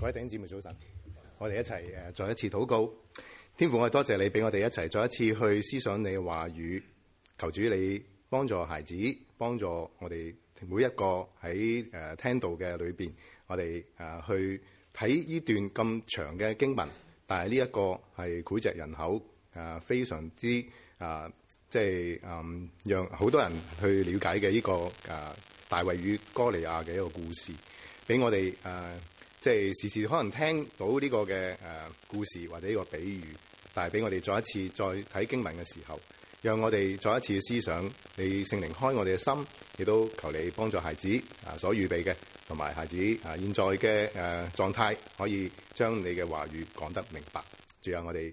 各位弟兄姊妹，早晨！我哋一齊誒再一次禱告。天父，我哋多謝你俾我哋一齊再一次去思想你嘅話語。求主你幫助孩子，幫助我哋每一個喺誒、啊、聽到嘅裏邊，我哋誒、啊、去睇呢段咁長嘅經文。但係呢一個係膾炙人口誒、啊，非常之誒、啊，即係誒、啊、讓好多人去了解嘅呢、這個誒、啊、大衛與歌利亞嘅一個故事，俾我哋誒。啊即係時時可能聽到呢個嘅故事或者呢個比喻，帶俾我哋再一次再睇經文嘅時候，讓我哋再一次思想你，聖靈開我哋嘅心，亦都求你幫助孩子啊所預備嘅，同埋孩子啊現在嘅狀態，可以將你嘅話語講得明白。最後我哋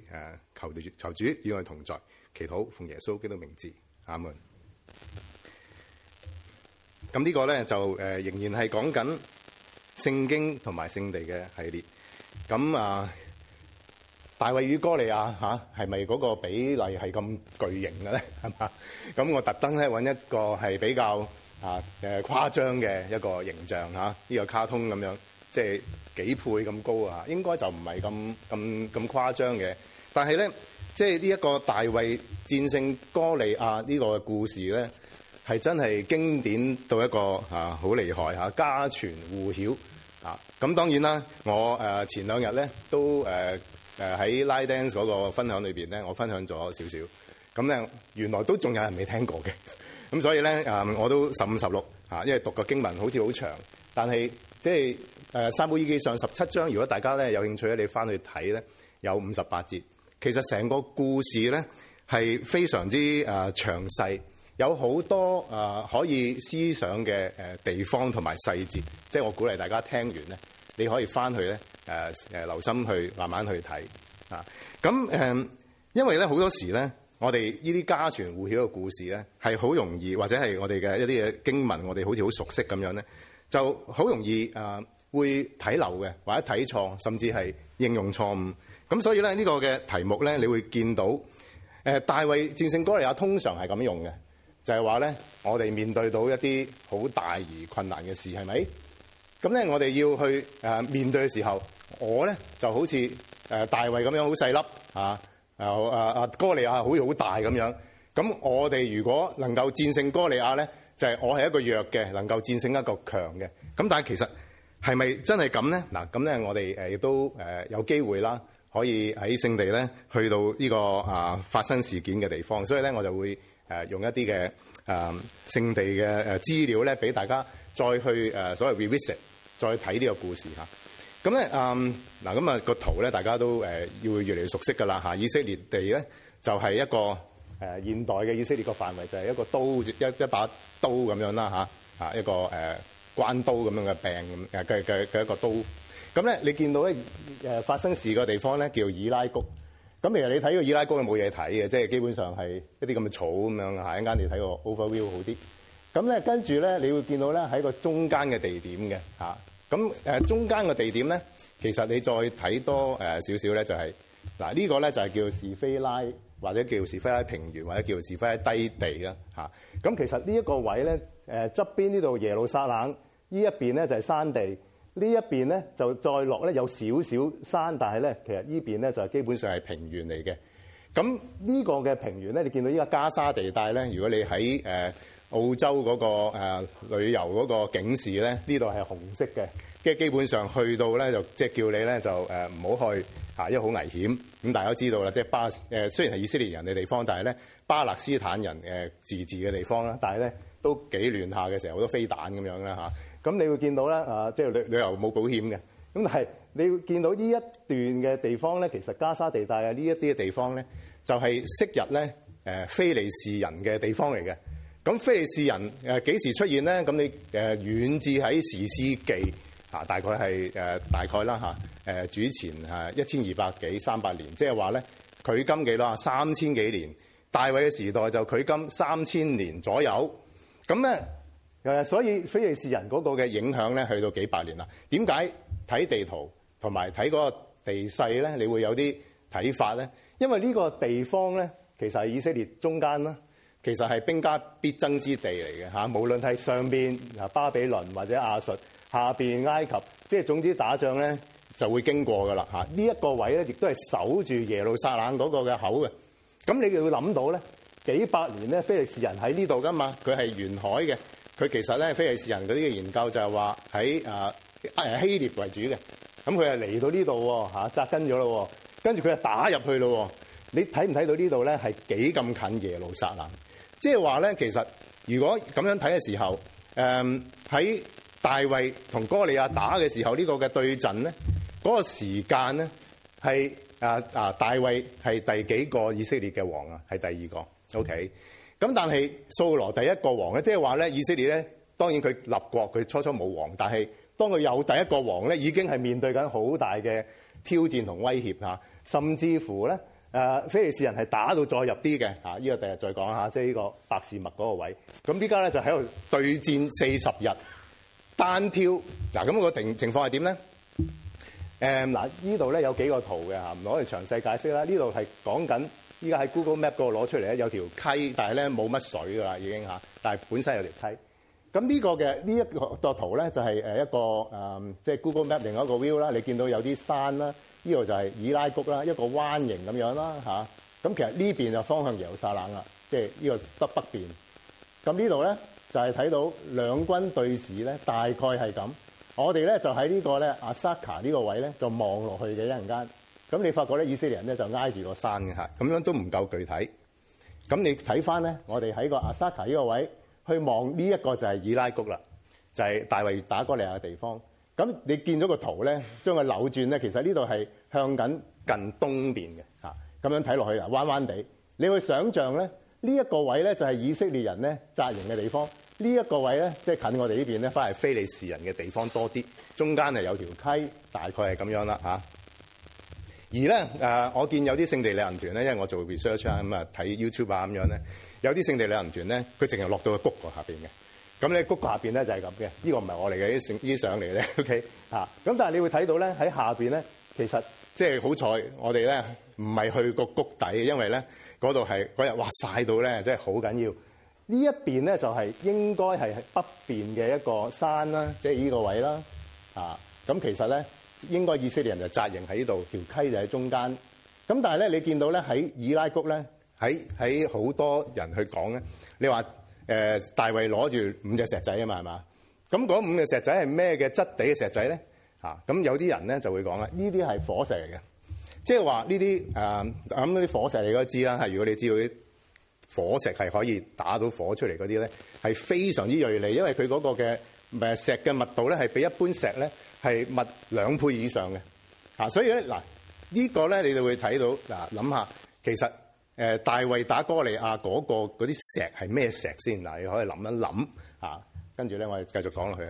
求主求主與我同在，祈禱奉耶穌基督名字，阿門。咁呢個咧就仍然係講緊。聖經同埋聖地嘅系列，咁啊，大衛與歌利亞係咪嗰個比例係咁巨型嘅咧？係嘛？咁我特登咧揾一個係比較嚇誒誇張嘅一個形象嚇，呢個卡通咁樣，即係幾倍咁高啊？應該就唔係咁咁咁誇張嘅。但係咧，即係呢一個大衛戰勝歌利亞呢個故事咧。係真係經典到一個好、啊、厲害，家傳戶曉咁、啊、當然啦，我、呃、前兩日咧都誒誒喺 Line Dance 嗰個分享裏面咧，我分享咗少少。咁、嗯、咧原來都仲有人未聽過嘅。咁、啊、所以咧、啊、我都十五十六、啊、因為讀個經文好似好長。但係即係、啊、撒母耳記上十七章，如果大家咧有興趣咧，你翻去睇咧有五十八節。其實成個故事咧係非常之誒、啊、詳細。有好多誒可以思想嘅地方同埋細節，即係我鼓勵大家聽完咧，你可以翻去咧誒留心去慢慢去睇啊。咁誒，因為咧好多時咧，我哋呢啲家傳戶曉嘅故事咧，係好容易或者係我哋嘅一啲嘅經文，我哋好似好熟悉咁樣咧，就好容易誒會睇漏嘅，或者睇錯，甚至係應用錯誤。咁所以咧呢個嘅題目咧，你會見到誒大衛戰勝歌利亞通常係咁用嘅。就係話咧，我哋面對到一啲好大而困難嘅事，係咪？咁咧，我哋要去、呃、面對嘅時候，我咧就好似大衛咁樣好細粒嚇，誒、啊、誒、啊、哥利亞好似好大咁樣。咁我哋如果能夠戰勝哥利亞咧，就係、是、我係一個弱嘅，能夠戰勝一個強嘅。咁但係其實係咪真係咁咧？嗱，咁咧我哋亦都有機會啦，可以喺聖地咧去到呢個啊發生事件嘅地方。所以咧，我就會。誒用一啲嘅誒聖地嘅誒資料咧，俾大家再去誒、呃、所謂 revisit，再睇呢個故事咁咧、啊，嗯嗱，咁、那、啊個圖咧，大家都誒要、呃、越嚟越熟悉㗎啦、啊、以色列地咧就係、是、一個誒、呃、現代嘅以色列個範圍，就係、是、一個刀，一一把刀咁樣啦、啊啊、一個誒、呃、關刀咁樣嘅病咁嘅嘅嘅一個刀。咁、啊、咧你見到咧、呃、發生事個地方咧叫以拉谷。咁其實你睇個以拉谷又冇嘢睇嘅，即係基本上係一啲咁嘅草咁樣，一陣間你睇個 overview 好啲。咁咧跟住咧，你會見到咧喺個中間嘅地點嘅吓。咁中間嘅地點咧，其實你再睇多誒少少咧，就係嗱呢個咧就係叫做是非拉，或者叫做是非拉平原，或者叫做是非拉低地啦吓。咁其實呢一個位咧誒側邊呢度耶路撒冷，呢一邊咧就係山地。呢一邊咧就再落咧有少少山，但係咧其實邊呢邊咧就基本上係平原嚟嘅。咁呢個嘅平原咧，你見到依個加沙地帶咧，如果你喺、呃、澳洲嗰、那個、呃、旅遊嗰個警示咧，呢度係紅色嘅，即係基本上去到咧就即係、就是、叫你咧就唔好、呃、去嚇，因為好危險。咁、嗯、大家都知道啦，即係巴誒、呃、雖然係以色列人嘅地方，但係咧巴勒斯坦人、呃、自治嘅地方啦，但係咧都幾亂下嘅，時候，好多飛彈咁樣啦、啊咁你會見到咧，啊，即係旅旅遊冇保險嘅。咁但係你會見到呢一段嘅地方咧，其實加沙地帶啊，呢一啲嘅地方咧，就係昔日咧，誒，非利士人嘅地方嚟嘅。咁非利士人誒幾時出現咧？咁你誒遠至喺士師記啊，大概係誒大概啦吓，誒主前啊一千二百幾三百年，即係話咧距今幾多啊？三千幾年，大衛嘅時代就距今三千年左右。咁咧。誒，所以非利士人嗰個嘅影響咧，去到幾百年啦。點解睇地圖同埋睇嗰個地勢咧，你會有啲睇法咧？因為呢個地方咧，其實係以色列中間啦，其實係兵家必爭之地嚟嘅吓，無論係上邊嗱巴比倫或者亞述，下邊埃及，即係總之打仗咧就會經過噶啦吓，啊，嗯，呢一個位咧，亦都係守住耶路撒冷嗰個嘅口嘅。咁你哋會諗到咧幾百年咧，非利士人喺呢度噶嘛？佢係沿海嘅。佢其實咧非利士人嗰啲嘅研究就係話喺，呃，阿希列為主嘅。咁佢係嚟到呢度喎嚇，紮根咗咯，跟住佢就打入去咯。你睇唔睇到呢度咧係幾咁近耶路撒冷？即係話咧，其實如果咁樣睇嘅時候，誒、嗯、喺大衛同哥利亞打嘅時候呢、呢個嘅對陣咧，嗰、嗰個時間咧係啊啊大衛係第幾個以色列嘅王啊？係第二個，OK。咁但係掃羅第一個王咧，即係話咧，以色列咧，當然佢立國，佢初初冇王，但係當佢有第一個王咧，已經係面對緊好大嘅挑戰同威脅。甚至乎咧，誒、呃、非利士人係打到再入啲嘅呢，依個第日再講下，即係呢個白士麥嗰個位。咁依家咧就喺度對戰四十日，單挑嗱，咁、那個情情況係點咧？誒、呃、嗱，呢度咧有幾個圖嘅，唔可以詳細解釋啦。呢度係講緊。依家喺 Google Map 嗰度攞出嚟咧，有條溪，但係咧冇乜水㗎啦，已經嚇。但係本身有條溪。咁呢個嘅呢、這個、一個作圖咧，就係誒一個誒，即係 Google Map 另一個 view 啦。你見到有啲山啦，呢度就係以拉谷啦，一個彎形咁樣啦嚇。咁、啊、其實呢邊就方向耶路撒冷啊，即係呢個得北邊。咁呢度咧就係、是、睇到兩軍對峙咧，大概係咁。我哋咧就喺呢、這個咧阿 Saka 呢個位咧，就望落去嘅一陣間。咁你發覺咧，以色列人咧就挨住個山嘅嚇，咁樣都唔夠具體。咁你睇翻咧，我哋喺個阿薩卡呢個位去望呢一個就係以拉谷啦，就係、是、大衛打歌利亞嘅地方。咁你見到個圖咧，將佢扭轉咧，其實呢度係向緊近東邊嘅嚇，咁樣睇落去啊，彎彎地。你會想象咧，呢、這、一個位咧就係以色列人咧紮營嘅地方。呢、這、一個位咧即係近我哋呢邊咧，翻係非利士人嘅地方多啲。中間係有條溪，大概係咁樣啦嚇。而咧，誒，我見有啲聖地旅行團咧，因為我做 research youtube,、這個我 okay? 啊，咁啊睇 YouTube 啊咁樣咧，有啲聖地旅行團咧，佢淨係落到個谷個下邊嘅。咁咧，谷下邊咧就係咁嘅。呢個唔係我哋嘅，啲相嚟嘅，OK 嚇。咁但係你會睇到咧，喺下邊咧，其實即係好彩，我哋咧唔係去個谷底，因為咧嗰度係嗰日哇晒到咧，即係好緊要。呢一邊咧就係應該係北邊嘅一個山啦，即係呢個位啦，啊咁其實咧。應該以色列人就紮營喺呢度，條溪就喺中間。咁但係咧，你見到咧喺以拉谷咧，喺喺好多人去講咧。你話誒、呃、大衛攞住五隻石仔啊嘛係嘛？咁嗰五隻石仔係咩嘅質地嘅石仔咧？嚇、啊、咁有啲人咧就會講啦，呢啲係火石嚟嘅。即係話呢啲誒，咁啲、呃、火石你都知啦。係如果你知道啲火石係可以打到火出嚟嗰啲咧，係非常之鋭利，因為佢嗰個嘅誒石嘅密度咧係比一般石咧。係物兩倍以上嘅，啊，所以咧嗱，這個、呢個咧你就會睇到，嗱，諗下其實誒、呃、大衛打哥利亞嗰、那個嗰啲石係咩石先？嗱，你可以諗一諗，嚇、啊，跟住咧我哋繼續講落去。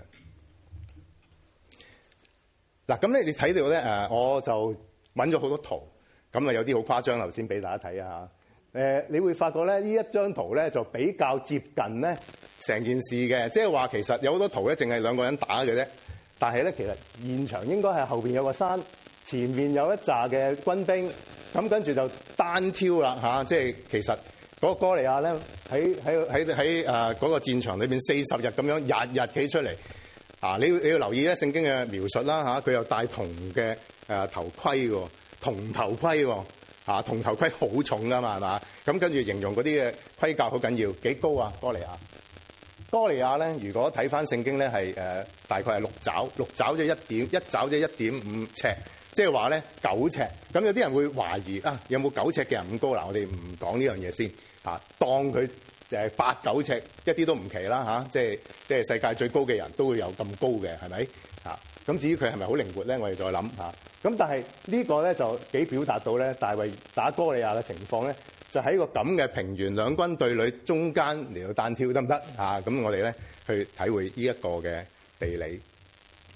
嗱、啊，咁咧你睇到咧誒，我就揾咗好多圖，咁啊有啲好誇張，頭先俾大家睇啊，誒、呃，你會發覺咧呢一張圖咧就比較接近咧成件事嘅，即係話其實有好多圖咧淨係兩個人打嘅啫。但係呢，其實現場應該係後面有個山，前面有一紮嘅軍兵，咁跟住就單挑啦、啊、即係其實嗰個歌利亞呢，喺喺喺喺誒嗰個戰場裏面四十日咁樣日日企出嚟、啊、你，你要留意聖經嘅描述啦，佢、啊、又戴銅嘅、呃、頭盔喎、啊，銅頭盔喎嚇，銅頭盔好重㗎嘛係嘛？咁跟住形容嗰啲嘅盔甲好緊要，幾高呀、啊，歌利亞？多利亞咧，如果睇翻聖經咧，係、呃、大概係六肘，六肘即係一點，一肘即係一點五尺，即係話咧九尺。咁有啲人會懷疑啊，有冇九尺嘅人咁高？嗱，我哋唔講呢樣嘢先嚇，當佢誒八九尺，一啲都唔奇啦嚇。即係即係世界最高嘅人都會有咁高嘅係咪？咁、啊、至於佢係咪好靈活咧？我哋再諗。咁、啊、但係呢個咧就幾表達到咧，大衛打歌利亞嘅情況咧。就喺個咁嘅平原，兩軍對壘中間嚟到單挑得唔得啊？咁我哋咧去體會呢一個嘅地理。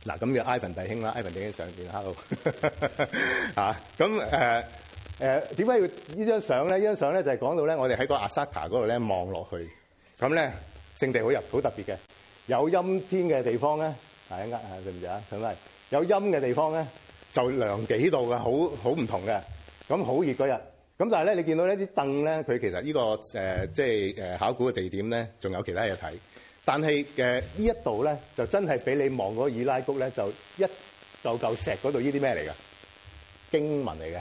嗱，咁就 Ivan 弟兄啦，Ivan 弟兄上邊，hello 啊。咁誒誒，點解要呢張相咧？呢張相咧就係講到咧，我哋喺個阿薩卡嗰度咧望落去，咁咧聖地好入，好特別嘅。有陰天嘅地方咧，大家呃下對唔對啊？係咪有陰嘅地方咧，就涼幾度嘅，好好唔同嘅。咁好熱嗰日。咁但係咧，你見到呢啲凳咧，佢其實呢、這個即係、呃就是、考古嘅地點咧，仲有其他嘢睇。但係誒、呃、呢一度咧，就真係俾你望嗰個以拉谷咧，就一嚿嚿石嗰度呢啲咩嚟㗎？經文嚟嘅，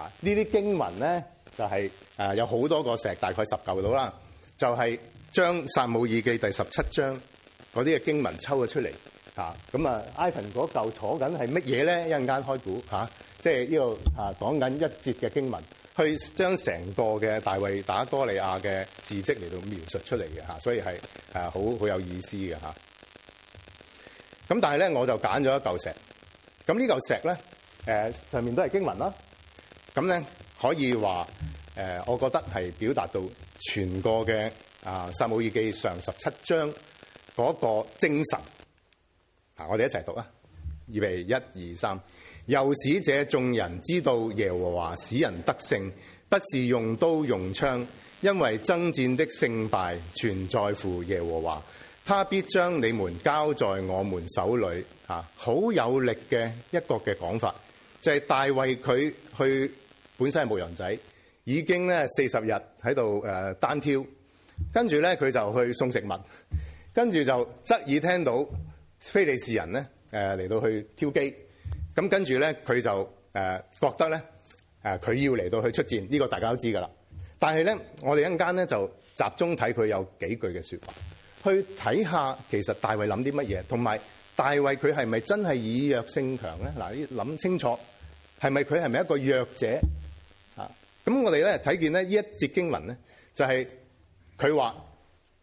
呢啲經文咧就係、是、有好多個石，大概十嚿到啦，就係將《撒母耳記》第十七章嗰啲嘅經文抽咗出嚟。咁啊 Ivan 嗰嚿坐緊係乜嘢咧？一陣間開估，即係呢度嚇講緊一節嘅經文。去將成個嘅大衛打歌利亞嘅字跡嚟到描述出嚟嘅，所以係好好有意思嘅咁、啊、但係咧，我就揀咗一嚿石。咁呢嚿石咧，上面都係經文啦、啊。咁咧可以話、啊、我覺得係表達到全個嘅啊《撒母耳記》上十七章嗰個精神。嗱、啊，我哋一齊讀啦，預備一二三。又使這眾人知道耶和華使人得勝，不是用刀用槍，因為爭戰的勝敗全在乎耶和華，他必將你們交在我們手裏。嚇、啊，好有力嘅一個嘅講法，就係、是、大衛佢去本身係牧羊仔，已經四十日喺度單挑，跟住咧佢就去送食物，跟住就側耳聽到非利士人呢嚟到去挑機。咁跟住咧，佢就誒覺得咧，誒佢要嚟到去出戰，呢個大家都知噶啦。但係咧，我哋一陣間咧就集中睇佢有幾句嘅說話，去睇下其實大衛諗啲乜嘢，同埋大衛佢係咪真係以弱勝強咧？嗱，要諗清楚係咪佢係咪一個弱者啊？咁我哋咧睇見呢呢一節經文咧，就係佢話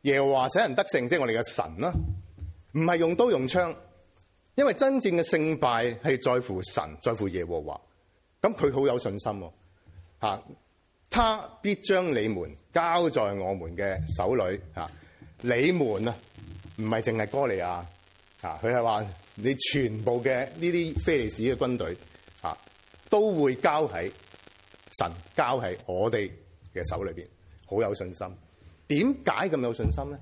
耶和華使人得勝，即係我哋嘅神啦，唔係用刀用槍。因為真正嘅勝敗係在乎神，在乎耶和華。咁佢好有信心，吓，他必將你們交在我們嘅手裏，吓。你們啊，唔係淨係哥利亞，吓，佢係話你全部嘅呢啲非利士嘅軍隊，都會交喺神交喺我哋嘅手裏邊，好有信心。點解咁有信心咧？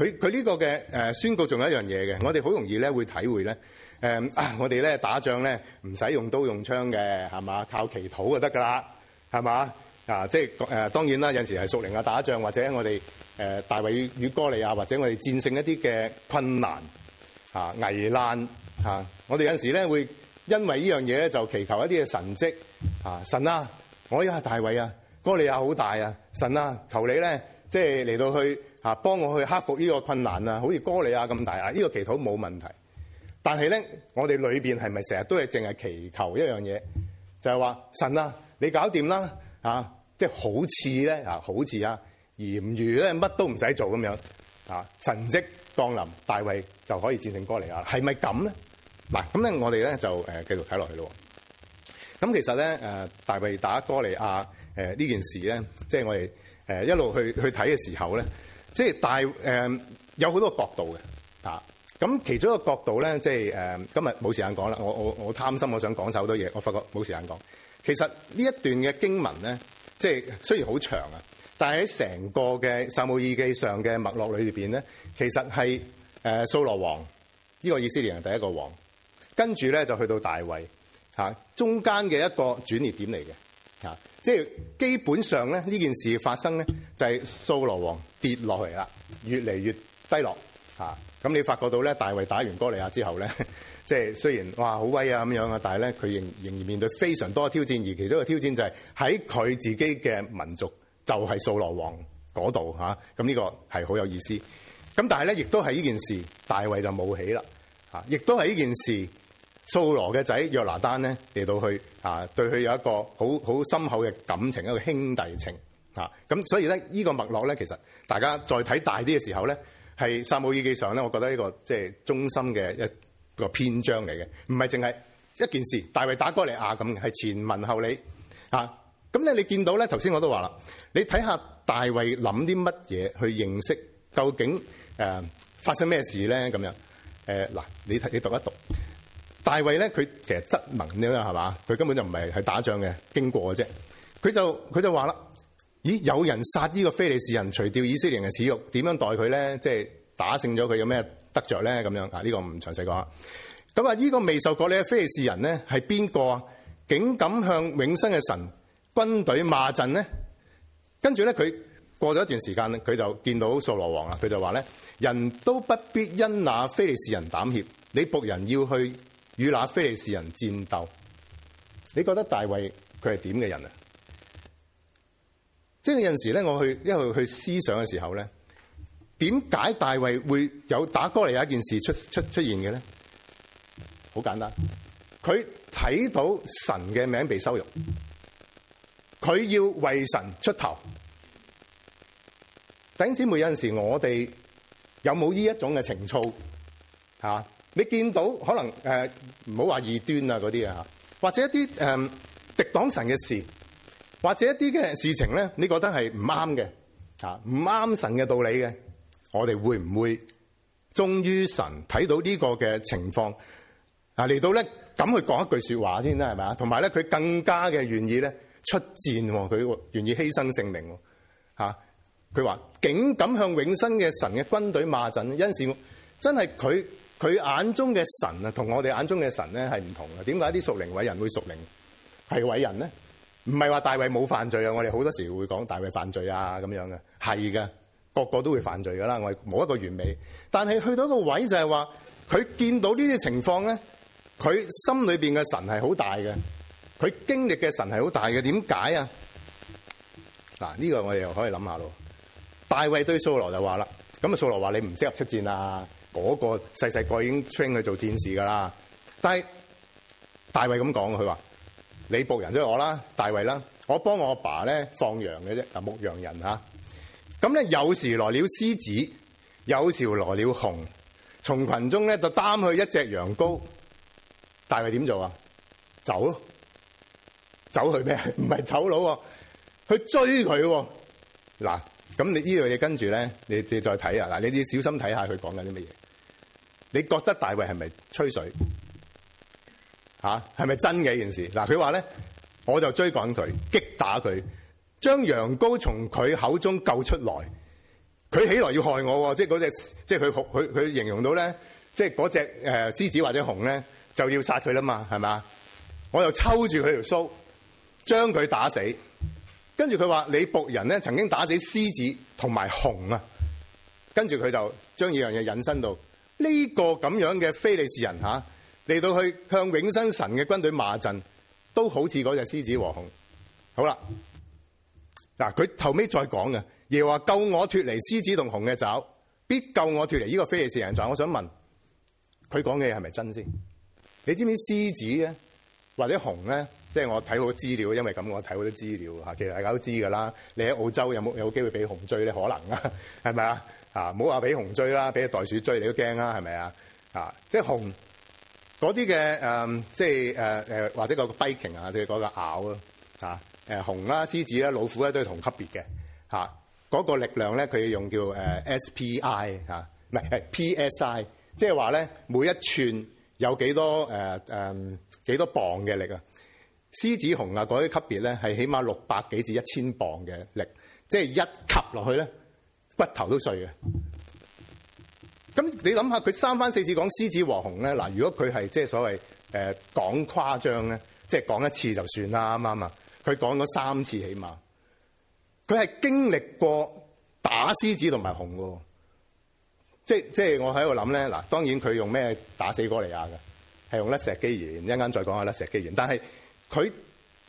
佢佢呢個嘅誒宣告仲有一樣嘢嘅，我哋好容易咧會體會咧誒、嗯、啊！我哋咧打仗咧唔使用刀用槍嘅係嘛，靠祈禱就得㗎啦係嘛啊！即係誒、啊、當然啦，有陣時係屬靈啊打仗，或者我哋誒、呃、大衛與歌利亞，或者我哋戰勝一啲嘅困難啊危難啊！我哋有陣時咧會因為呢樣嘢咧就祈求一啲嘅神蹟啊！神啊，我依家大衛啊，歌利亞好大啊！神啊，求你咧即係嚟到去。吓、啊、幫我去克服呢個困難啊！好似歌利亞咁大啊，呢、這個祈禱冇問題。但係咧，我哋裏邊係咪成日都係淨係祈求一樣嘢，就係、是、話神啊，你搞掂啦啊！即、就、係、是、好似咧啊，好似啊，而唔如咧乜都唔使做咁樣啊？神跡降臨，大衛就可以戰勝歌利亞，係咪咁咧？嗱咁咧，我哋咧就誒繼續睇落去咯。咁其實咧大衛打歌利亞呢件事咧，即、就、係、是、我哋一路去去睇嘅時候咧。即係大誒、呃、有好多角度嘅，咁其中一個角度咧，即係誒、呃、今日冇時間講啦。我我我貪心，我想講晒好多嘢，我發覺冇時間講。其實呢一段嘅經文咧，即係雖然好長啊，但係喺成個嘅《撒母耳記》上嘅脈絡裏邊咧，其實係、呃、掃羅王呢、呢個以色列人第一個王，跟住咧就去到大衛、啊、中間嘅一個轉捩點嚟嘅。即係基本上咧，呢件事發生咧，就係掃羅王跌落嚟啦，越嚟越低落。咁你發覺到咧，大衛打完歌利亞之後咧，即係雖然話好威啊咁樣啊，但係咧佢仍仍然面對非常多嘅挑戰，而其中一個挑戰就係喺佢自己嘅民族，就係、是、掃羅王嗰度。咁呢個係好有意思。咁但係咧，亦都係呢件事，大衛就冒起啦。亦都係呢件事。掃羅嘅仔約拿單咧嚟到去啊，對佢有一個好好深厚嘅感情，一個兄弟情啊。咁所以咧，這個、脈絡呢個脈絡咧，其實大家再睇大啲嘅時候咧，係《撒母耳記》上咧，我覺得呢、這個即係、就是、中心嘅一個篇章嚟嘅，唔係淨係一件事。大衛打歌利亞啊，咁係前文後理啊。咁咧，你見到咧，頭先我都話啦，你睇下大衛諗啲乜嘢去認識究竟誒、呃、發生咩事咧？咁樣誒嗱、呃，你睇你讀一讀。大衛咧，佢其實職能呢嘛，係嘛，佢根本就唔係係打仗嘅，經過嘅啫。佢就佢就話啦，咦，有人殺呢個非利士人，除掉以色列嘅恥辱，點樣待佢咧？即係打勝咗佢有咩得着咧？咁樣啊？呢、這個唔詳細講。咁啊，呢、這個未受割禮嘅非利士人呢係邊個啊？竟敢向永生嘅神軍隊罵陣呢？跟住咧，佢過咗一段時間咧，佢就見到掃羅王啦。佢就話咧：人都不必因那非利士人膽怯，你僕人要去。與那非利士人戰鬥，你覺得大衛佢係點嘅人啊？即係有陣時咧，我去一路去思想嘅時候咧，點解大衛會有打歌利亞有一件事出出出現嘅咧？好簡單，佢睇到神嘅名被羞辱，佢要為神出頭。弟兄姊妹，有陣時我哋有冇呢一種嘅情操啊？你見到可能誒唔好話異端啊，嗰啲啊，或者一啲誒、呃、敵擋神嘅事，或者一啲嘅事情咧，你覺得係唔啱嘅啊，唔啱神嘅道理嘅，我哋會唔會忠於神？睇、啊、到呢個嘅情況啊，嚟到咧，咁去講一句說話先啦，係咪啊？同埋咧，佢更加嘅願意咧出戰喎，佢願意犧牲性命喎嚇。佢話竟敢向永生嘅神嘅軍隊罵陣，因是真係佢。佢眼中嘅神啊，同我哋眼中嘅神咧係唔同嘅。點解啲屬靈偉人會屬靈係偉人咧？唔係話大衛冇犯罪啊！我哋好多時會講大衛犯罪啊咁樣嘅，係嘅，個個都會犯罪噶啦，我哋冇一個完美。但係去到個位就係話，佢見到呢啲情況咧，佢心裏面嘅神係好大嘅，佢經歷嘅神係好大嘅。點解啊？嗱，呢個我哋又可以諗下咯。大衛對掃羅就話啦：，咁啊，掃羅話你唔適合出戰啊。嗰、那個細細個已經 train 去做戰士噶啦，但係大衛咁講，佢話：你僕人即係我啦，大衛啦，我幫我阿爸咧放羊嘅啫，嗱牧羊人吓，咁咧有時來了獅子，有時來了熊，從群中咧就擔去一隻羊羔。大衛點做啊？走咯，走去咩？唔係走佬喎，去追佢喎。嗱，咁你呢樣嘢跟住咧，你你再睇下，嗱，你要小心睇下佢講緊啲乜嘢。你覺得大衛係咪吹水嚇？係咪真嘅一件事嗱？佢話咧，我就追趕佢，擊打佢，將羊羔從佢口中救出來。佢起來要害我喎、哦，即係嗰隻即係佢佢佢形容到咧，即係嗰隻誒獅子或者熊咧就要殺佢啦嘛，係咪？我又抽住佢條鬚，將佢打死。跟住佢話：你僕人咧曾經打死獅子同埋熊啊。跟住佢就將呢樣嘢引申到。呢、個咁樣嘅非利士人吓嚟、啊、到去向永生神嘅軍隊罵陣，都好似嗰隻獅子和熊。好啦，嗱佢後尾再講嘅，耶和華救我脱離獅子同熊嘅爪，必救我脱離呢個非利士人。就我想問佢講嘅嘢係咪真先？你知唔知獅子咧或者熊咧？即係我睇好資料，因為咁我睇好啲資料。其實大家都知㗎啦，你喺澳洲有冇有機會俾熊追咧？可能啊，係咪啊？啊，冇話俾熊追啦，俾隻袋鼠追你都驚啦，係咪啊？啊，即係熊嗰啲嘅即係誒、呃、或者個跛鷹啊，即係嗰個咬啊嚇熊、呃、啦、獅子啦、老虎咧都係同級別嘅，嚇嗰個力量咧，佢要用叫 S P I 嚇，唔係 P S I，即係話咧每一吋有幾多誒誒幾多磅嘅力啊？獅子、熊啊嗰啲級別咧係起碼六百幾至一千磅嘅力，即係一吸落去咧。骨頭都碎嘅，咁你諗下佢，三番四次講獅子和熊咧，嗱如果佢係即係所謂誒講誇張咧，即係講一次就算啦，啱唔啱啊？佢講咗三次起碼，佢係經歷過打獅子同埋熊嘅，即即係我喺度諗咧，嗱當然佢用咩打死歌利亞嘅，係用甩石機弦，講一陣間再講下甩石機弦，但係佢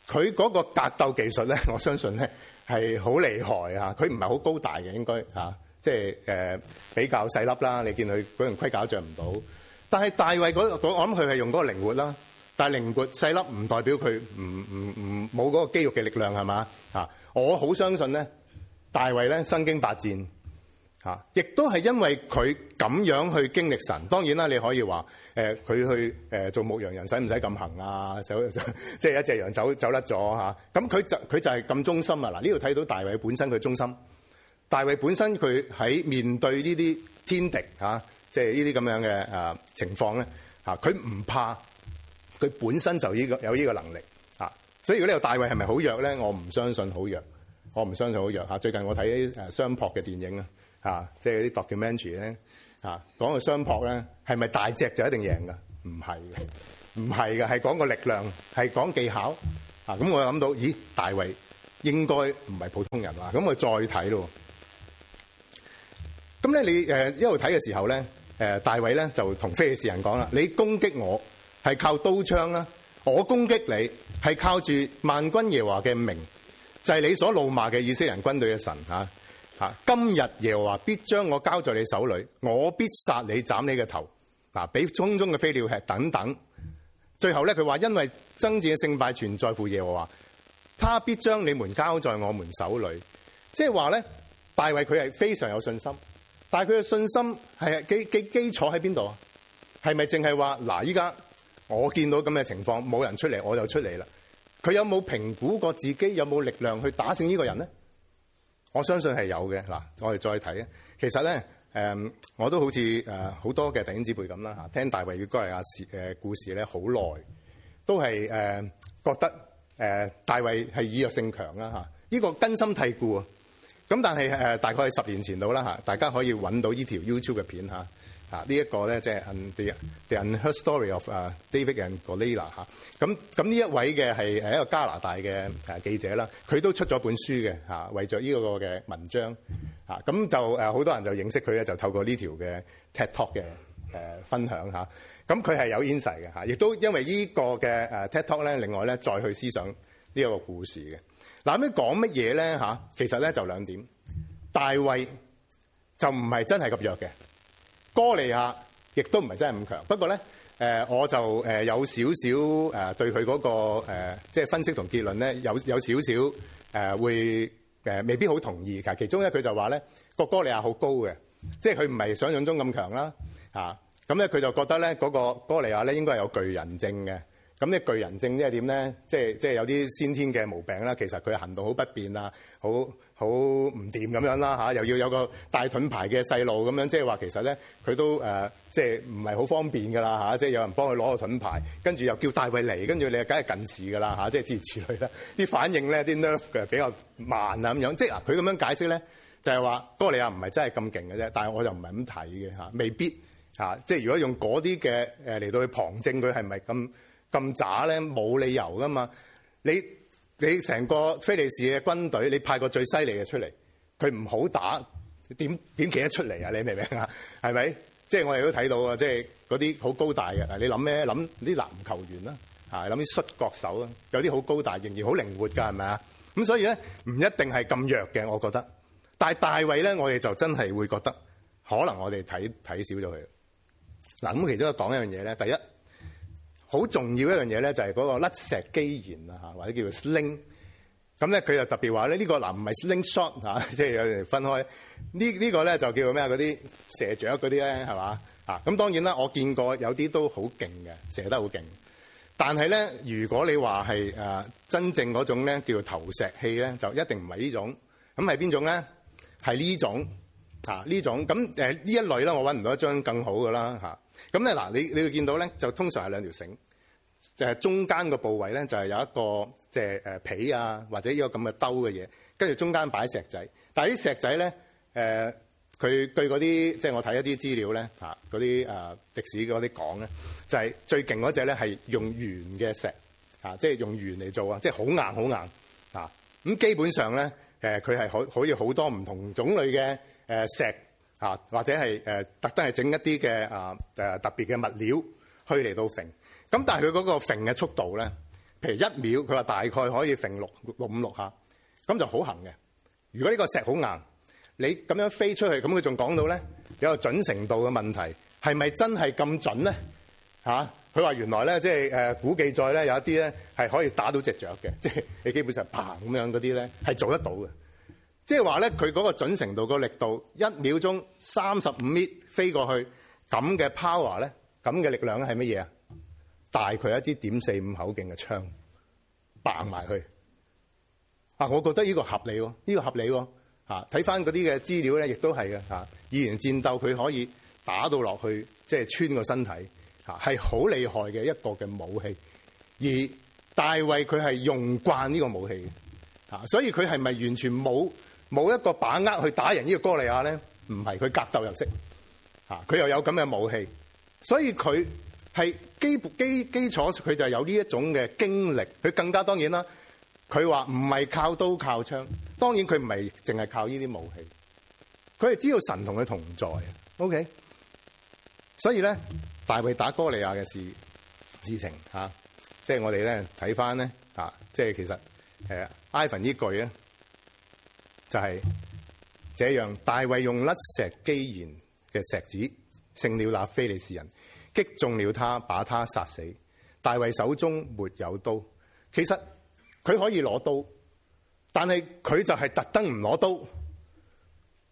佢嗰個格鬥技術咧，我相信咧，係好厲害嚇，佢唔係好高大嘅，應該嚇，即係誒比較細粒啦。你見佢嗰件盔甲著唔到，但係大衛我諗佢係用嗰個靈活啦。但係靈活細粒唔代表佢唔唔唔冇嗰個肌肉嘅力量係嘛嚇。我好相信咧，大衛咧身經百戰。亦都係因為佢咁樣去經歷神。當然啦，你可以話誒佢去誒做牧羊人，使唔使咁行啊？走即係一隻羊走走甩咗嚇。咁佢就佢就係咁忠心啊！嗱，呢度睇到大衛本身佢忠心。大衛本身佢喺面對呢啲天敵嚇，即係呢啲咁樣嘅啊情況咧嚇，佢唔怕。佢本身就呢個有呢個能力嚇。所以如果呢話大衛係咪好弱咧？我唔相信好弱。我唔相信好弱嚇。最近我睇誒雙撲嘅電影。啊！即、就、係、是、啲 documentary 咧，啊講個相撲咧，係咪大隻就一定贏㗎？唔係嘅，唔係嘅，係講個力量，係講技巧。啊！咁我諗到，咦？大衛應該唔係普通人啦。咁、啊、我再睇咯。咁咧，你誒一路睇嘅時候咧，誒、啊、大衛咧就同非利士人講啦：你攻擊我係靠刀槍啦、啊，我攻擊你係靠住萬軍耶和華嘅名，就係、是、你所怒罵嘅以色列人軍隊嘅神、啊啊！今日耶和華必將我交在你手裏，我必殺你、斬你嘅頭，嗱，俾空中嘅飛鳥吃等等。最後咧，佢話，因為爭戰嘅勝敗全在乎耶和華，他必將你們交在我們手裏。即係話咧，大衛佢係非常有信心，但係佢嘅信心係幾幾基礎喺邊度啊？係咪淨係話嗱，依家我見到咁嘅情況，冇人出嚟，我就出嚟啦。佢有冇評估過自己有冇力量去打勝呢個人咧？我相信係有嘅嗱，我哋再睇啊。其實咧，誒、呃、我都好似誒好多嘅弟兄姊妹咁啦嚇，聽大衛與哥尼亞事誒故事咧，好耐都係誒、呃、覺得誒、呃、大衛係以弱勝強啦嚇。依、啊這個根深蒂固啊。咁但係誒、呃、大概係十年前度啦嚇，大家可以揾到呢條 YouTube 嘅片嚇。啊啊！呢一個咧，即係 The Unheard Story of a David and Goliath。咁咁呢一位嘅係係一個加拿大嘅誒記者啦，佢都出咗本書嘅嚇，為咗呢個嘅文章嚇。咁就誒好多人就認識佢咧，就透過呢條嘅 TED Talk 嘅誒分享嚇。咁佢係有 insight 嘅嚇，亦都因為呢個嘅誒 TED Talk 咧，另外咧再去思想呢一個故事嘅。嗱咁樣講乜嘢咧嚇？其實咧就兩點，大衛就唔係真係咁弱嘅。哥利亞亦都唔係真係咁強，不過咧，誒我就誒有少少誒對佢嗰個誒即係分析同結論咧，有有少少誒會誒未必好同意。其其中咧，佢就話咧，個哥利亞好高嘅，即係佢唔係想像中咁強啦吓。咁咧佢就覺得咧嗰個哥利亞咧應該係有巨人症嘅。咁呢巨人症即係點咧？即係即係有啲先天嘅毛病啦。其實佢行動好不便啊，好好唔掂咁樣啦嚇。又要有個帶盾牌嘅細路咁樣，即係話其實咧佢都誒即係唔係好方便㗎啦嚇。即係有人幫佢攞個盾牌，跟住又叫大衞嚟，跟住你梗係近視㗎啦嚇。即係支持佢類啦。啲反應咧啲 nerve 嘅比較慢啊咁樣。即係啊，佢咁樣解釋咧就係話歌利亞唔係真係咁勁嘅啫，但係我就唔係咁睇嘅嚇，未必嚇。即係如果用嗰啲嘅誒嚟到去旁證佢係咪咁？咁渣咧冇理由噶嘛？你你成個菲利士嘅軍隊，你派個最犀利嘅出嚟，佢唔好打，點點企得出嚟啊？你明唔明啊？係咪？即係我哋都睇到啊！即係嗰啲好高大嘅，嗱你諗咩？諗啲籃球員啦，嚇諗啲摔角手啦，有啲好高大，仍然好靈活㗎，係咪啊？咁所以咧，唔一定係咁弱嘅，我覺得。但係大衛咧，我哋就真係會覺得，可能我哋睇睇少咗佢。嗱，咁其中講一樣嘢咧，第一。好重要一樣嘢咧，就係嗰個甩石機源啊，或者叫做 sling。咁咧，佢又特別話咧，呢、這個嗱唔係 slingshot 即係有啲分開。呢、這、呢個咧就叫做咩啊？嗰啲射雀嗰啲咧係嘛咁當然啦，我見過有啲都好勁嘅，射得好勁。但係咧，如果你話係真正嗰種咧，叫做投石器咧，就一定唔係呢種。咁係邊種咧？係呢種呢種咁呢一類咧，我揾唔到一張更好嘅啦咁咧嗱，你你會見到咧，就通常係兩條繩，就係中間個部位咧，就係有一個即係誒皮啊，或者呢個咁嘅兜嘅嘢，跟住中間擺石仔。但係啲石仔咧，誒佢據嗰啲即係我睇一啲資料咧嚇嗰啲誒歷史嗰啲講咧，就係最勁嗰隻咧係用圓嘅石嚇，即係用圓嚟做啊，即係好硬好硬嚇。咁基本上咧誒，佢係可可以好多唔同種類嘅誒石。啊，或者係誒、呃、特登係整一啲嘅啊，特別嘅物料去嚟到揈，咁但係佢嗰個揈嘅速度咧，譬如一秒佢話大概可以揈六六五六下，咁就好行嘅。如果呢個石好硬，你咁樣飛出去，咁佢仲講到咧有個準程度嘅問題，係咪真係咁準咧？嚇、啊，佢話原來咧即係誒古記載咧有一啲咧係可以打到隻雀嘅，即係你基本上啪咁樣嗰啲咧係做得到嘅。即係話咧，佢嗰個準程度、個力度，一秒鐘三十五米飛過去，咁嘅 power 咧，咁嘅力量係乜嘢啊？大概一支點四五口徑嘅槍，掟埋去啊！我覺得呢個合理喎，呢、呢個合理喎嚇。睇翻嗰啲嘅資料咧，亦都係嘅嚇。二元戰鬥佢可以打到落去，即係穿個身體嚇，係好厲害嘅一個嘅武器。而大衛佢係用慣呢個武器嚇，所以佢係咪完全冇？冇一個把握去打贏呢個哥利亞咧，唔係佢格鬥又識，嚇佢又有咁嘅武器，所以佢係基本基基礎佢就有呢一種嘅經歷，佢更加當然啦。佢話唔係靠刀靠槍，當然佢唔係淨係靠呢啲武器，佢係知道神同佢同在。OK，所以咧，大衛打哥利亞嘅事事情嚇，即、啊、係、就是、我哋咧睇翻咧嚇，即係、啊就是、其實誒，Ivan 呢句咧。就係、是、這樣，大衛用甩石機弦嘅石子勝了那非利士人，擊中了他，把他殺死。大衛手中沒有刀，其實佢可以攞刀，但係佢就係特登唔攞刀，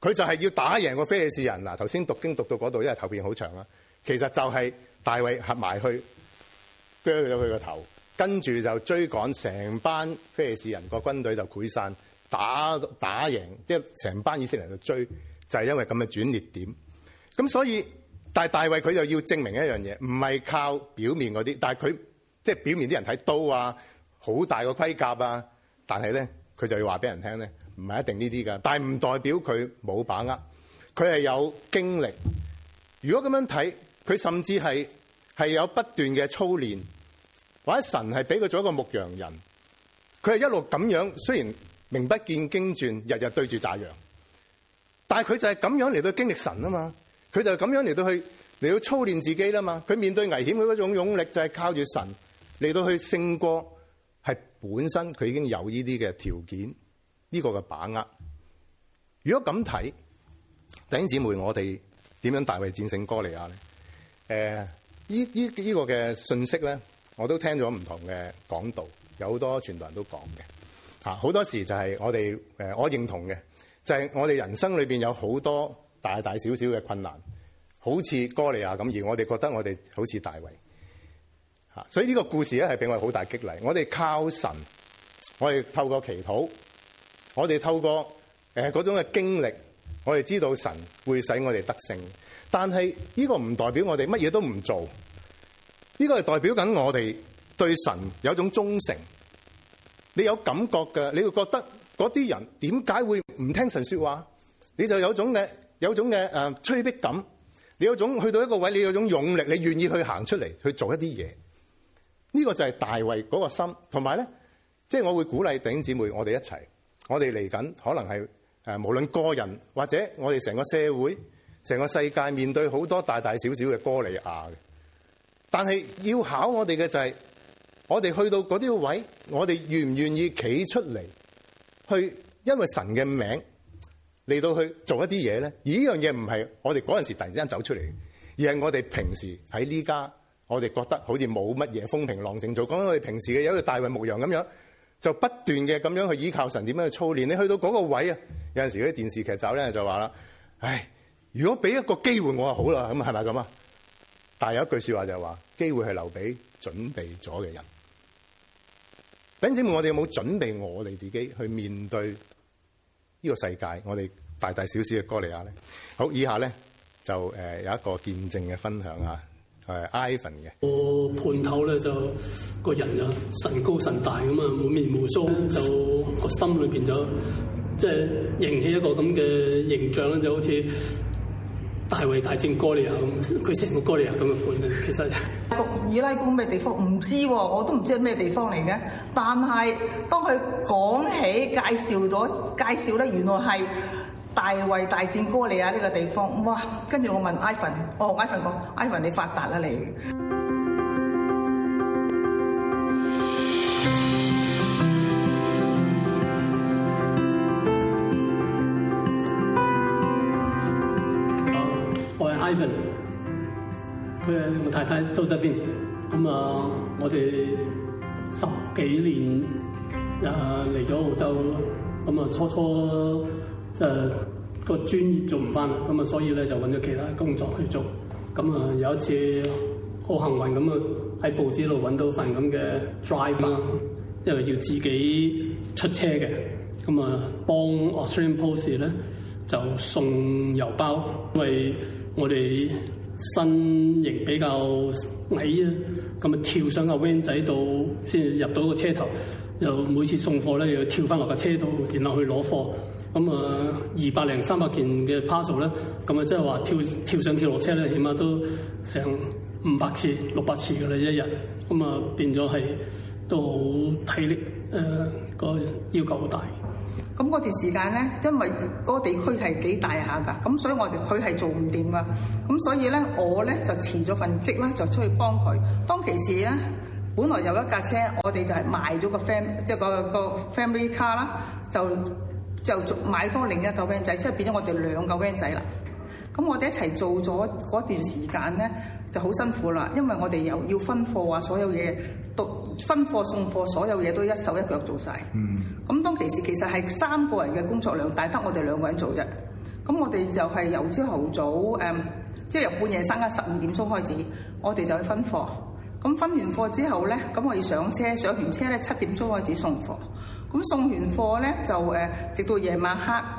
佢就係要打贏個非利士人嗱。頭先讀經讀到嗰度，因為頭片好長啦，其實就係大衛合埋去，削咗佢個頭，跟住就追趕成班非利士人個軍隊就潰散。打打贏，即係成班以色列人追，就係因為咁嘅轉捩點。咁所以，但係大衛佢就要證明一樣嘢，唔係靠表面嗰啲。但係佢即係表面啲人睇刀啊，好大個盔甲啊，但係咧佢就要話俾人聽咧，唔係一定呢啲㗎。但係唔代表佢冇把握，佢係有經歷。如果咁樣睇，佢甚至係係有不斷嘅操練，或者神係俾佢做一個牧羊人，佢係一路咁樣，雖然。名不見經傳，日日對住炸羊，但係佢就係咁樣嚟到經歷神啊嘛！佢就咁樣嚟到去嚟到操練自己啦嘛！佢面對危險，佢嗰種勇力就係靠住神嚟到去勝過，係本身佢已經有呢啲嘅條件，呢、這個嘅把握。如果咁睇，弟兄姊妹，我哋點樣大衛戰勝歌利亞咧？誒、呃，呢呢呢個嘅信息咧，我都聽咗唔同嘅講道，有好多傳道人都講嘅。啊！好多時就係我哋誒，我認同嘅就係，我哋人生裏面有好多大大小小嘅困難，好似哥利亞咁，而我哋覺得我哋好似大衛。嚇！所以呢個故事咧係俾我哋好大激勵，我哋靠神，我哋透過祈禱，我哋透過嗰種嘅經歷，我哋知道神會使我哋得勝。但係呢個唔代表我哋乜嘢都唔做，呢、呢個係代表緊我哋對神有一種忠誠。你有感覺嘅，你會覺得嗰啲人點解會唔聽神說話？你就有種嘅，有種嘅誒催逼感。你有種去到一個位，你有種勇力，你願意去行出嚟去做一啲嘢。呢、這個就係大衛嗰個心，同埋咧，即、就、係、是、我會鼓勵弟兄姊妹我們，我哋一齊，我哋嚟緊可能係誒無論個人或者我哋成個社會、成個世界面對好多大大小小嘅歌利亞嘅，但係要考我哋嘅就係、是。我哋去到嗰啲位，我哋願唔願意企出嚟，去因為神嘅名嚟到去做一啲嘢咧？而呢樣嘢唔係我哋嗰陣時突然之間走出嚟，而係我哋平時喺呢家，我哋覺得好似冇乜嘢風平浪靜做。講到我哋平時嘅有一個大衛牧羊咁樣，就不斷嘅咁樣去依靠神，點樣去操練？你去到嗰個位啊，有陣時嗰啲電視劇走咧就話啦，唉，如果俾一個機會我就好啦，咁係咪咁啊？但係有一句說話就係話，機會係留俾準備咗嘅人。等姐妹，我哋有冇準備我哋自己去面對呢個世界？我哋大大小小嘅哥尼亞咧，好，以下咧就誒、呃、有一個見證嘅分享嚇，係、呃、Ivan 嘅。我判頭咧就個人啊神高神大咁啊，滿面鬍鬚，就個心裏邊就即係形起一個咁嘅形象咧，就好似。大衛大戰歌利亞咁，佢成個歌利亞咁嘅款，其實。厄以拉谷咩地方？唔知喎、啊，我都唔知咩地方嚟嘅。但係當佢講起介紹咗，介紹咧原來係大衛大戰歌利亞呢個地方。哇！跟住我問 Ivan，哦，Ivan 講，Ivan 你發達啦、啊、你。佢係我太太周世英咁啊。我哋十幾年啊嚟咗澳洲咁啊，初初就是、個專業做唔翻，咁啊，所以咧就揾咗其他工作去做。咁啊，有一次好幸運咁啊，喺報紙度揾到一份咁嘅 driver 啦，因為要自己出車嘅，咁啊，幫 Australian Post 咧就送郵包，因為。我哋身形比較矮啊，咁啊跳上個 van 仔度，先入到個車頭，又每次送貨咧又要跳翻落架車度，然後去攞貨，咁啊二百零三百件嘅 parcel 咧，咁啊即係話跳跳上跳落車咧，起碼都成五百次六百次嘅啦一日。咁啊變咗係都好體力誒個要求好大。咁嗰段時間咧，因為嗰個地區係幾大下㗎，咁所以我哋佢係做唔掂㗎。咁所以咧，我咧就辭咗份職啦，就出去幫佢。當其時咧，本來有一架車，我哋就係賣咗個 fam，即係個個 family car 啦，就就買多另一個 van 仔，即係變咗我哋兩個 van 仔啦。咁我哋一齊做咗嗰段時間咧，就好辛苦啦，因為我哋又要分貨啊，所有嘢。分貨送貨，所有嘢都一手一腳做曬。咁當其時其實係三個人嘅工作量，大得我哋兩個人做啫。咁我哋就係由朝頭早誒，即、嗯、係、就是、由半夜三更十五點鐘開始，我哋就去分貨。咁分完貨之後呢，咁我要上車，上完車呢，七點鐘開始送貨。咁送完貨呢，就誒、呃，直到夜晚黑。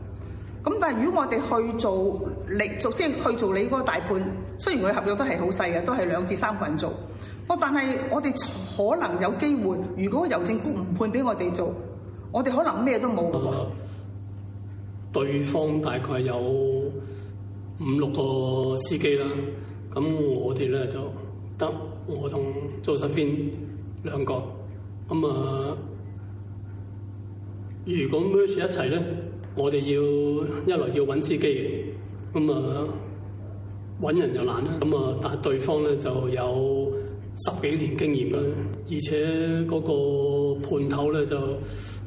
咁但係如果我哋去做你做即係去做你嗰個大判，雖然佢合約都係好細嘅，都係兩至三個人做。我但係我哋可能有機會，如果郵政局唔判俾我哋做，我哋可能咩都冇。對方大概有五六個司機啦，咁我哋咧就得我同周生軒兩個。咁啊，如果 merge 一齊咧？我哋要一來要揾司機嘅，咁啊揾人又難啦，咁、嗯、啊但係對方咧就有十幾年經驗啦，而且嗰個判頭咧就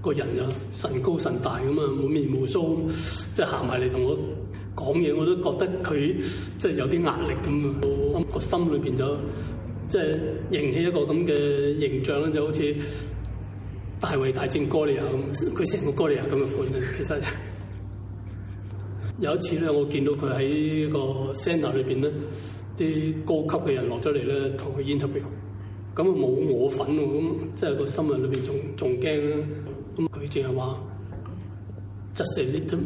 個人又神高神大咁啊，滿面鬍鬚，即係行埋嚟同我講嘢，我都覺得佢即係有啲壓力咁啊，個、嗯嗯、心裏邊就即係形起一個咁嘅形象啦，就好似。大衛大戰哥利亞咁，佢成個哥利亞咁嘅款啊！其實有一次咧，我見到佢喺個 centre 裏邊咧，啲高級嘅人落咗嚟咧，同佢 interaction 咁冇我份喎，咁即係個心入裏邊仲仲驚啦。咁佢淨係話 just a little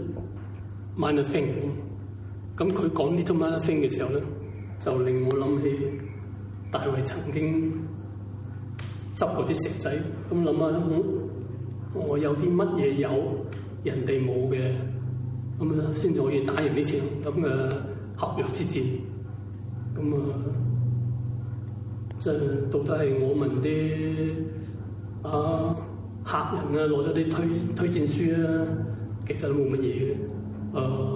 minor thing。咁佢講 little minor thing 嘅時候咧，就令我諗起大衛曾經。執嗰啲石仔，咁諗下，我有啲乜嘢有人哋冇嘅？咁樣先至可以打贏呢次咁嘅合約之戰，咁、嗯、啊，即係到底係我問啲啊客人啊攞咗啲推推薦書啊，其實都冇乜嘢嘅，誒、啊、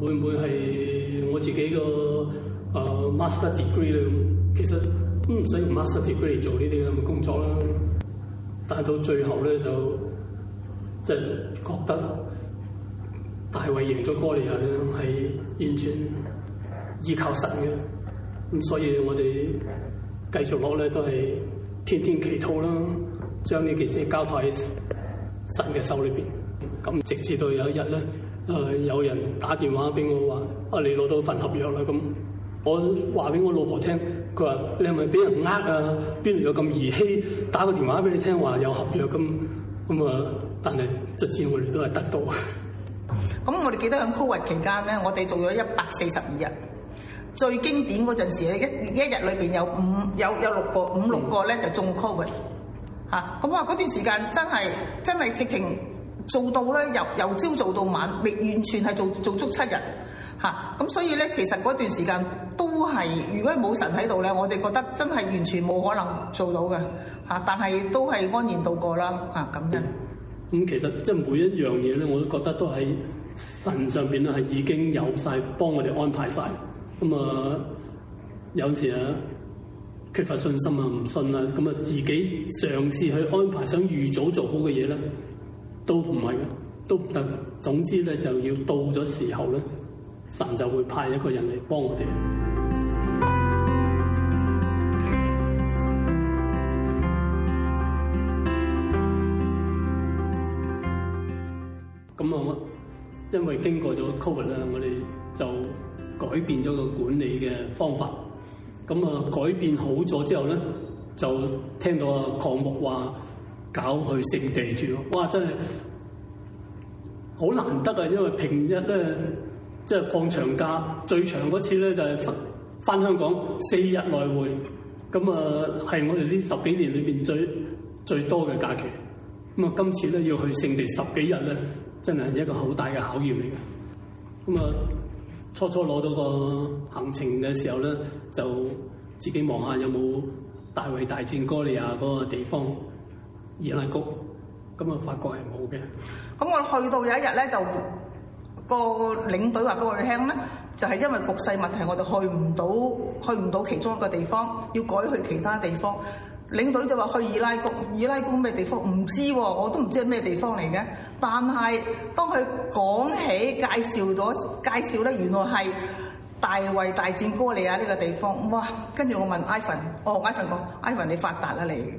會唔會係我自己個誒、啊、Master Degree 咧？其實。唔使用 master degree 嚟做呢啲咁嘅工作啦，但係到最後咧就即係覺得大衛贏咗歌利亞啊，係完全依靠神嘅。咁所以我哋繼續落咧都係天天祈禱啦，將呢件事交託喺神嘅手裏邊。咁直至到有一日咧，誒有人打電話俾我話：啊你攞到份合約啦咁。我話俾我老婆聽，佢話：你係咪俾人呃啊？邊度有咁兒戲？打個電話俾你聽話有合約咁咁啊！但係就知我哋都係得到。咁我哋記得喺 COVID 期間咧，我哋做咗一百四十二日。最經典嗰陣時咧，一一日裏面有五有有六個五六個咧就中 COVID 嚇，咁我話嗰段時間真係真係直情做到咧，由由朝做到晚，未完全係做做足七日。咁、啊、所以咧，其實嗰段時間都係，如果係冇神喺度咧，我哋覺得真係完全冇可能做到嘅嚇、啊。但係都係安然度過啦嚇咁樣。咁、嗯嗯、其實即係每一樣嘢咧，我都覺得都喺神上邊咧係已經有晒幫我哋安排晒。咁、嗯、啊有時啊，缺乏信心啊，唔信啊。咁、嗯、啊自己嘗試去安排，想預早做好嘅嘢咧，都唔係，都唔得。總之咧就要到咗時候咧。神就會派一個人嚟幫我哋。咁啊，因為經過咗 Covid 啦，我哋就改變咗個管理嘅方法。咁啊，改變好咗之後咧，就聽到鄺牧話搞去聖地住咯。哇，真係好難得啊！因為平日咧～即係放長假，嗯、最長嗰次咧就係返香港四日來回，咁啊係我哋呢十幾年裏邊最最多嘅假期。咁啊，今次咧要去聖地十幾日咧，真係一個好大嘅考驗嚟嘅。咁啊，初初攞到個行程嘅時候咧，就自己望下有冇大衛大戰哥利亞嗰個地方以拉谷。咁啊，發覺係冇嘅。咁我去到有一日咧就。個領隊話俾我哋聽咧，就係因為局勢問題，我哋去唔到去唔到其中一個地方，要改去其他地方。領隊就話去以拉谷，以拉谷咩地方？唔知，我都唔知係咩地方嚟嘅。但係當佢講起介紹咗介紹咧，原來係大衛大戰歌利亞呢個地方。哇！跟住我問 Ivan，哦，Ivan 講，Ivan 你發達啦你。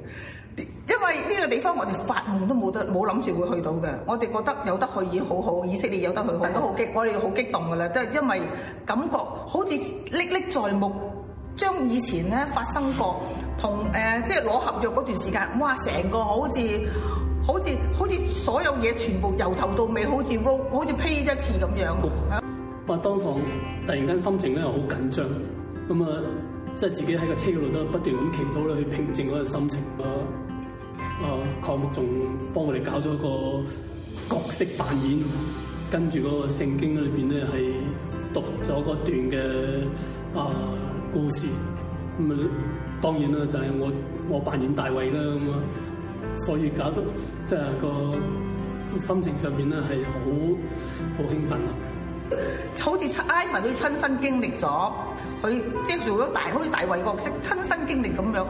因為呢個地方我哋發夢都冇得冇諗住會去到嘅，我哋覺得有得去已好好。以色列有得去好好，好都好激，我哋好激動嘅啦。都係因為感覺好似歷歷在目，將以前咧發生過同、呃、即係攞合約嗰段時間，哇！成個好似好似好似所有嘢全部由頭到尾，好似好似批一次咁樣。啊！當場突然間心情咧又好緊張，咁啊，即係自己喺個車度都不斷咁祈禱咧，去平靜嗰個心情。啊！佢仲幫我哋搞咗個角色扮演，跟住嗰個聖經裏邊咧係讀咗個段嘅啊故事。咁啊，當然啦，就係我我扮演大衛啦，咁啊，所以搞得即係、就是、個心情上面咧係好好興奮咯。好似 Ivan 都親身經歷咗，佢即係做咗大開大衛角色，親身經歷咁樣。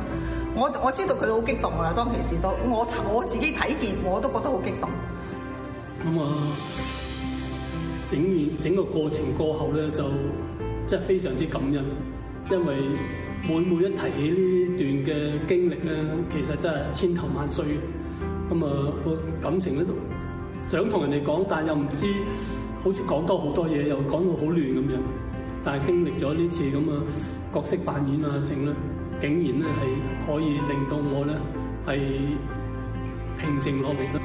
我我知道佢好激動啊！當其時都我我自己睇見，我都覺得好激動。咁啊，整完整個過程過後咧，就真係非常之感恩，因為每每一提起呢段嘅經歷咧，其實真係千頭萬緒嘅。咁啊，個感情咧都想同人哋講，但又唔知，好似講多好多嘢，又講到好亂咁樣。但係經歷咗呢次咁啊角色扮演啊，成啦。竟然咧係可以令到我咧係平靜落嚟咯，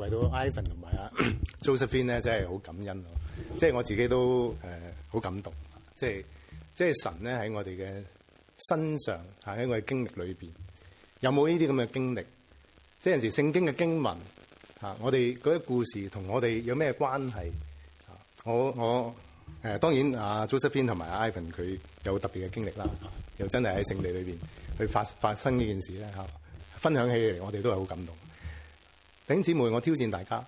為到 Ivan 同埋啊 Josephine 真係好感恩咯，即係、就是、我自己都誒好感動，即係即係神咧喺我哋嘅身上吓喺我哋經歷裏邊，有冇呢啲咁嘅經歷？即、就、係、是、有時聖經嘅經文吓，我哋嗰啲故事同我哋有咩關係啊？我我。誒當然阿 Josephine 同埋 Ivan 佢有特別嘅經歷啦，又真係喺聖地裏邊去發發生呢件事咧嚇，分享起嚟我哋都係好感動。弟兄姊妹，我挑戰大家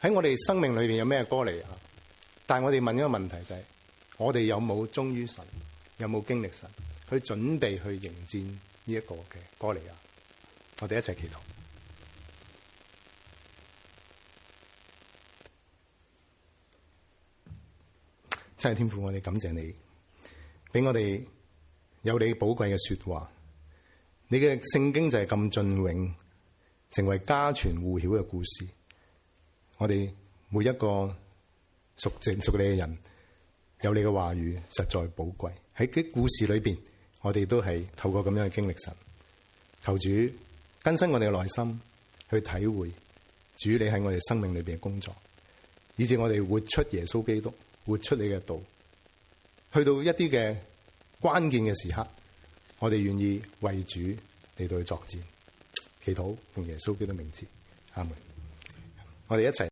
喺我哋生命裏邊有咩歌利亞啊？但係我哋問一個問題就係、是：我哋有冇忠於神？有冇經歷神去準備去迎戰呢一個嘅歌利亞啊？我哋一齊祈禱。真係天父，我哋感謝你俾我哋有你的寶貴嘅說話。你嘅聖經就係咁盡永，成為家傳戶曉嘅故事。我哋每一個屬籍屬你嘅人，有你嘅話語實在寶貴。喺啲故事裏邊，我哋都係透過咁樣嘅經歷神。求主更新我哋嘅內心，去體會主你喺我哋生命裏邊嘅工作，以致我哋活出耶穌基督。活出你嘅道，去到一啲嘅關鍵嘅時刻，我哋願意為主嚟到去作戰，祈禱奉耶穌基督名字，阿門。我哋一齊。